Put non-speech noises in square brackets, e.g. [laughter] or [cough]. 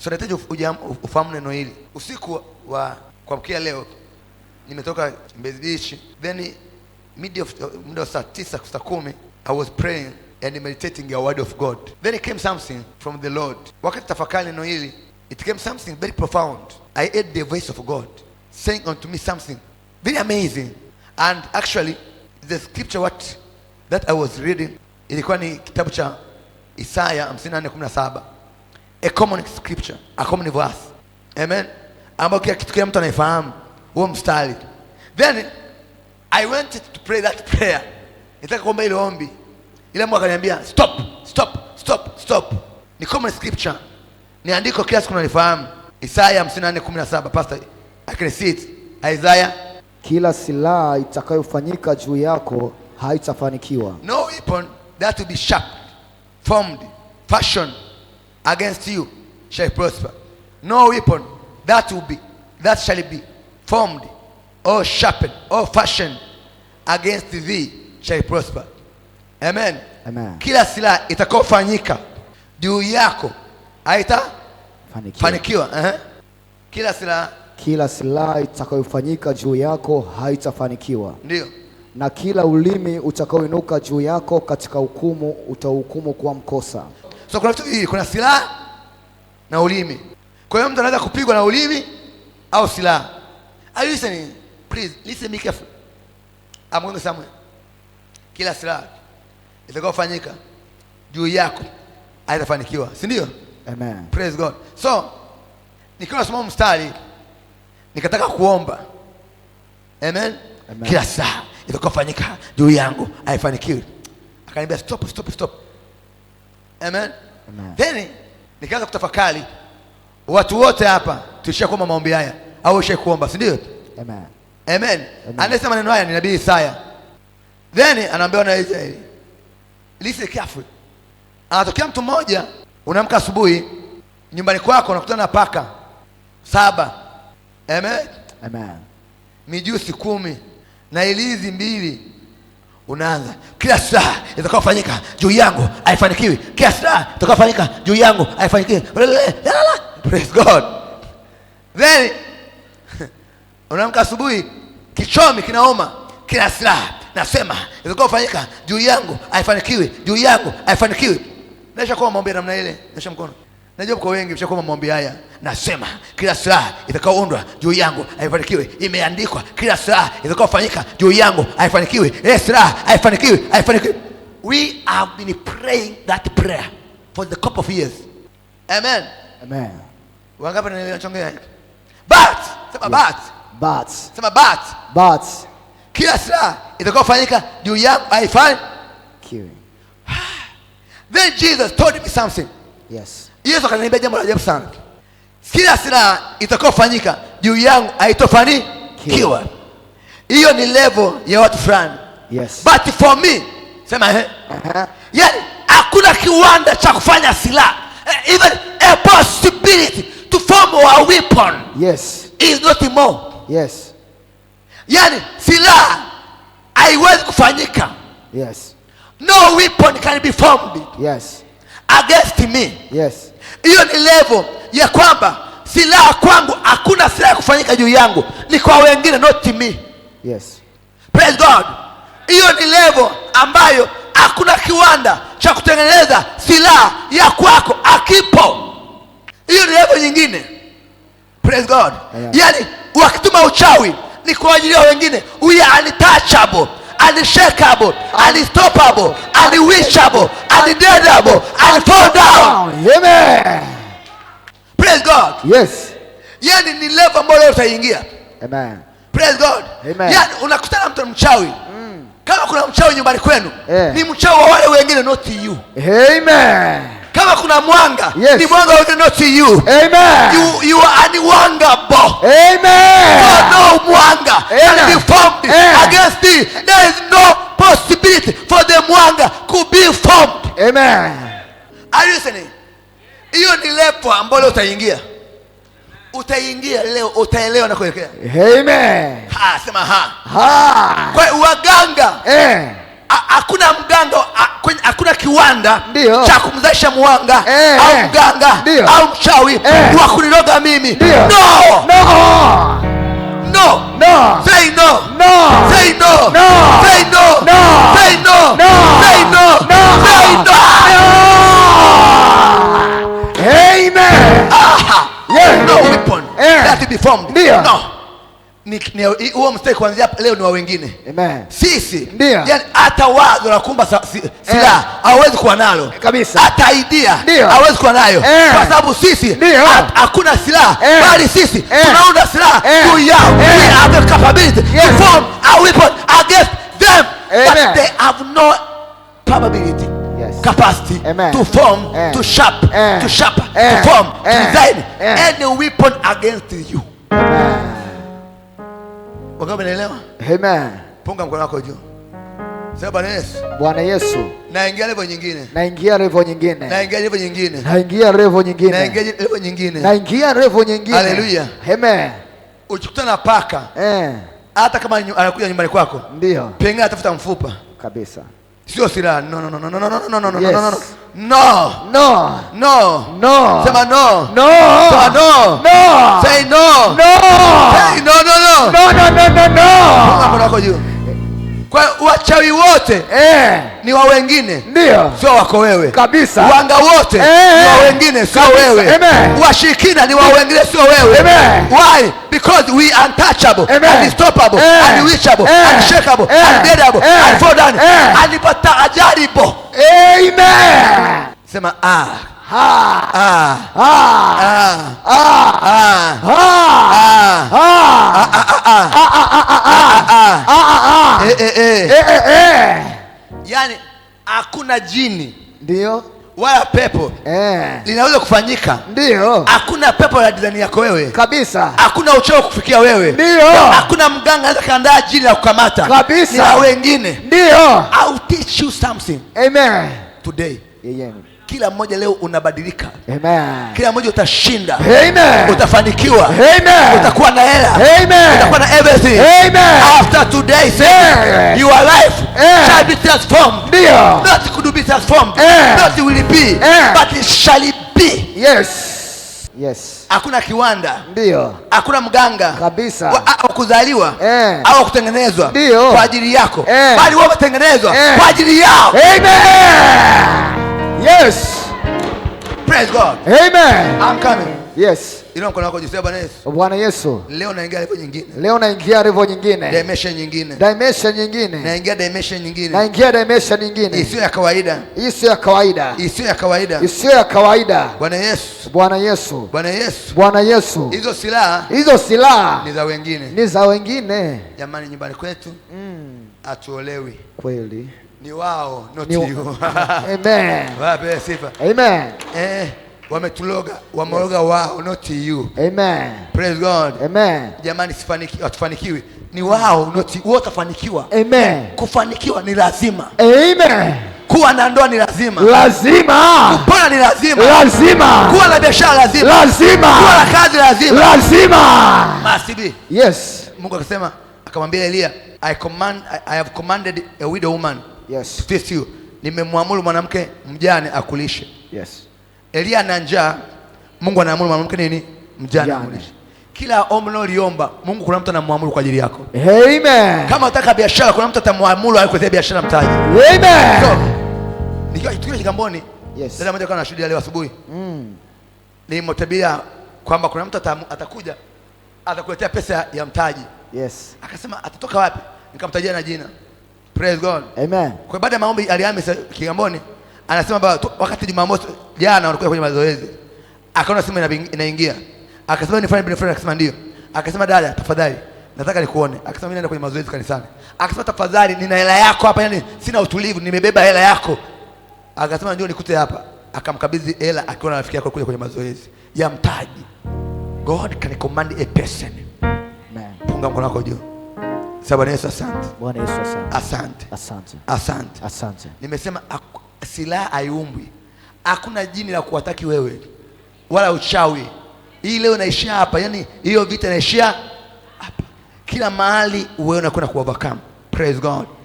So nahitaji ufahamu neno hili. Usiku wa kuamkia leo nimetoka Mbezi Beach, then mid of muda saa tisa saa kumi I was praying and meditating the word of God, then it came something from the Lord. Wakati tafakari neno hili, it came something very profound. I heard the voice of God saying unto me something very amazing, and actually the scripture what that I was reading ilikuwa ni kitabu cha Isaya 54:17 a common scripture, a common verse. Amen. Ambayo kila kitu kila mtu anaifahamu huo mstari. Then I went to pray that prayer. Nitaka kuomba ile ombi. Ile Mungu akaniambia stop, stop, stop, stop. Ni common scripture. Ni andiko kila siku nalifahamu. Isaya 54:17 pastor. I can see it. Isaiah kila silaha itakayofanyika juu yako haitafanikiwa. No weapon that will be sharp formed fashioned against you shall prosper. No weapon that will be that shall be formed or sharpened or fashioned against thee shall prosper. Amen. Amen. Kila silaha itakayofanyika juu yako aita fanikiwa. fanikiwa. Uh -huh. Kila sila kila silaha itakayofanyika juu yako haitafanikiwa. Ndio. Na kila ulimi utakaoinuka juu yako katika hukumu utahukumu kwa mkosa. So kuna vitu viwili, kuna silaha na ulimi. Kwa hiyo mtu anaweza kupigwa na ulimi au silaha. Are you listening? Please listen me carefully. I'm going somewhere. Kila silaha itakayofanyika juu yako haitafanikiwa, si ndio? Amen. Praise God. So nikiwa nasoma mstari nikataka kuomba Amen. Amen. Kila silaha itakayofanyika juu yangu haifanikiwi, akaniambia stop, stop, stop. Amen. Amen. Then nikaanza kutafakari, watu wote hapa tulishakuomba maombi haya au ushakuomba, si ndio? Amen. Amen. Anasema maneno haya ni nabii Isaya. Then anaambia wana Israeli, listen carefully. Anatokea mtu mmoja, unaamka asubuhi nyumbani kwako unakutana na paka saba. Amen. Amen. Mijusi kumi na ilizi mbili unaanza kila saa itakayofanyika juu yangu haifanikiwi, kila saa itakayofanyika juu yangu haifanikiwi. Praise God. Then [laughs] unaamka asubuhi, kichomi kinauma, kila saa nasema itakayofanyika juu yangu haifanikiwi, juu yangu haifanikiwi. Naisha kuwa maombi namna ile, nyosha mkono. Najua kwa wengi mshakuwa maombi haya, nasema kila silaha itakaoundwa juu yangu haifanikiwi, imeandikwa. Kila silaha itakaofanyika juu yangu haifanikiwi, eh, silaha haifanikiwi, haifanikiwi. We have been praying that prayer for the couple of years. Amen, amen. Wangapi nimechongea? But sema but but sema but but, kila silaha itakaofanyika juu yangu haifanikiwi. Then Jesus told me something. Yes. Yesu akaniambia jambo la ajabu sana, kila silaha itakayofanyika juu yangu haitofanikiwa. Hiyo ni level ya watu fulani, yes. But for me sema eh, uh -huh. Yaani hakuna kiwanda cha kufanya silaha, eh, even a possibility to form a weapon yes is not more yes. Yaani silaha haiwezi kufanyika yes, no weapon can be formed yes against me. Yes, hiyo ni level ya kwamba silaha kwangu, hakuna silaha ya kufanyika juu yangu, ni kwa wengine, not me. Yes, praise God. Hiyo ni level ambayo hakuna kiwanda cha kutengeneza silaha ya kwako, akipo. Hiyo ni level nyingine, praise God. Yaani wakituma uchawi ni kwa ajili ya wengine, we are untouchable unshakable, unstoppable, unwitchable, undeniable, unfall down. Amen. Praise God. Yes. Yani ni level ambayo leo utaingia. Amen. Praise God. Amen. Yani unakutana mtu mchawi. Mm. Kama kuna mchawi nyumbani kwenu, yeah. Ni mchawi wa wale wengine not you. Amen kama kuna mwanga yes. ni mwanga we cannot see you. Amen. You, you are bo Amen. You are no mwanga can be formed against thee. There is no possibility for the mwanga to be formed. Amen. Are you listening? Hiyo ni lepo ambalo utaingia utaingia leo, utaelewa na kuelekea. Amen. Ha, sema ha. Ha. Kwa waganga eh hakuna mganga, hakuna kiwanda Dio. cha kumzalisha mwanga eh, au mganga dio, au mchawi eh, wa kuniroga mimi dio. No. No. No. No. Say no. No. Say no. No. Say no. No. Say no. No. Say no. No. Say no. No. Amen. Aha. Yeah. No weapon. Yeah. That will be formed. Ndio. No huo mstari kuanzia leo ni wa wengine. Amen. Sisi yani hata wazo la kumba silaha eh. hawezi kuwa nalo kabisa, hata idea hawezi kuwa nayo, eh. kwa sababu sisi hakuna silaha, eh. bali sisi tunaunda silaha juu yao. We have the capability to form a weapon against them but they have no capability capacity Amen. to form Amen. to sharp Amen. to sharp Amen. to form Amen. to design Amen. any weapon against you Amen. Unaelewa? Amen. Punga mkono wako juu. Sema Bwana Yesu. Bwana Yesu. Naingia level nyingine. Naingia level nyingine. Naingia level nyingine. Naingia level nyingine. Naingia level nyingine. Naingia level nyingine. Haleluya. Amen. Ukikutana na paka. Eh. Hata kama anakuja nyumbani kwako. Ndio. Pengine atafuta mfupa. Kabisa. Sio silaha. No no no no no no no no no yes. no no. No. No. No. No. Sema no. No. Sema no. No. Say no. No. Say no no, no, no, no, no. Wako juu kwa wachawi wote eh, ni wa wengine ndio, sio wako wewe kabisa. Wanga wote eh, ni wa eh. wengine sio wewe. Amen. Washirikina ni wa wengine sio wewe. Amen. Why? Because we untouchable, Amen. unstoppable, eh, unreachable, eh, unshakable, eh. undeadable, eh. unfallen, alipata ajaribu. Amen. Sema ah. Ah. Ah. Ha. ah ah ah ah ah ah yani hakuna jini ndio wala pepo eh, linaweza kufanyika ndio. Hakuna pepo la dizani yako wewe kabisa. Hakuna uchoo kufikia wewe ndio. Hakuna mganga anaweza kaandaa jini la kukamata kabisa, la wengine ndio. I'll teach you something amen today yeah, yeah. Kila mmoja leo unabadilika. Amen. Kila mmoja utashinda. Amen. Utafanikiwa. Amen. Utakuwa na hela. Amen. Utakuwa na everything. Amen. After today say your life shall be transformed. Ndio. Not could be transformed. Not will be but it shall be. Yes. Yes. Hakuna kiwanda. Ndio. Hakuna mganga. Kabisa. Au Kuzaliwa eh, au kutengenezwa kwa ajili yako, eh, bali wewe umetengenezwa eh, kwa ajili yao. Amen. Yes. Praise God. Amen. I'm coming. Yes. Bwana Yesu. Leo naingia level nyingine. Leo Dimension nyingine. Dimension Naingia dimension nyingine. dimension Isiyo ya kawaida. Isiyo ya kawaida. ya kawaida. ya kawaida. Bwana Yesu. Bwana Yesu. Yesu. Yesu. Hizo silaha. Hizo silaha. Ni za wengine. Ni za wengine. Jamani, nyumbani kwetu. Mm. Atuolewi. Kweli ni wao not you. [laughs] Amen. [laughs] Wape sifa. Amen. Eh, wametuloga, wameloga wao not you. Amen. Praise God. Amen. Jamani sifaniki, atufanikiwi. ni wao not you. Wao tafanikiwa. Amen. Kufanikiwa ni lazima. Amen. Kuwa na ndoa ni lazima. Lazima. Kupona ni lazima. Lazima. Kuwa na biashara lazima. Lazima. Kuwa na kazi lazima. Lazima. Masibi. Yes. Mungu akasema akamwambia Elia, I command I, I have commanded a widow woman Yes. you nimemwamuru mwanamke mjane akulishe. Yes. Elia ana njaa, Mungu anaamuru mwanamke nini? Mjane akulishe. Kila ombi unaloomba Mungu kuna mtu anamwamuru kwa ajili yako. Amen. Kama unataka biashara kuna mtu atamwamuru akuletee biashara mtaji. Amen. So, nikiwa tukiwa Kigamboni, yes. leo asubuhi. Mm. kwamba kuna mtu atakuja atakuletea pesa ya mtaji. Yes. Akasema atatoka wapi? Nikamtajia na jina. Praise God. Amen. Kwa baada ya maombi alihama Kigamboni, anasema baba, wakati Jumamosi jana walikuwa kwenye mazoezi, akaona simu inaingia, akasema ni friend friend, akasema ndio, akasema dada, tafadhali nataka nikuone. Akasema mimi naenda kwenye mazoezi kanisani. Akasema tafadhali, nina hela yako hapa, yani sina utulivu, nimebeba hela yako. Akasema ndio, nikute hapa. Akamkabidhi hela akiwa na rafiki yake kuja kwenye mazoezi ya mtaji. God can command a person. Amen. Punga mkono wako juu sa Bwana Yesu asante. Bwana Yesu asante. Asante. Asante. Asante. Asante. Nimesema silaha haiumbwi. Hakuna jini la kuwataki wewe wala uchawi. Hii leo inaishia hapa. Yaani hiyo vita inaishia hapa. Kila mahali wewe unakwenda ku overcome. Praise God.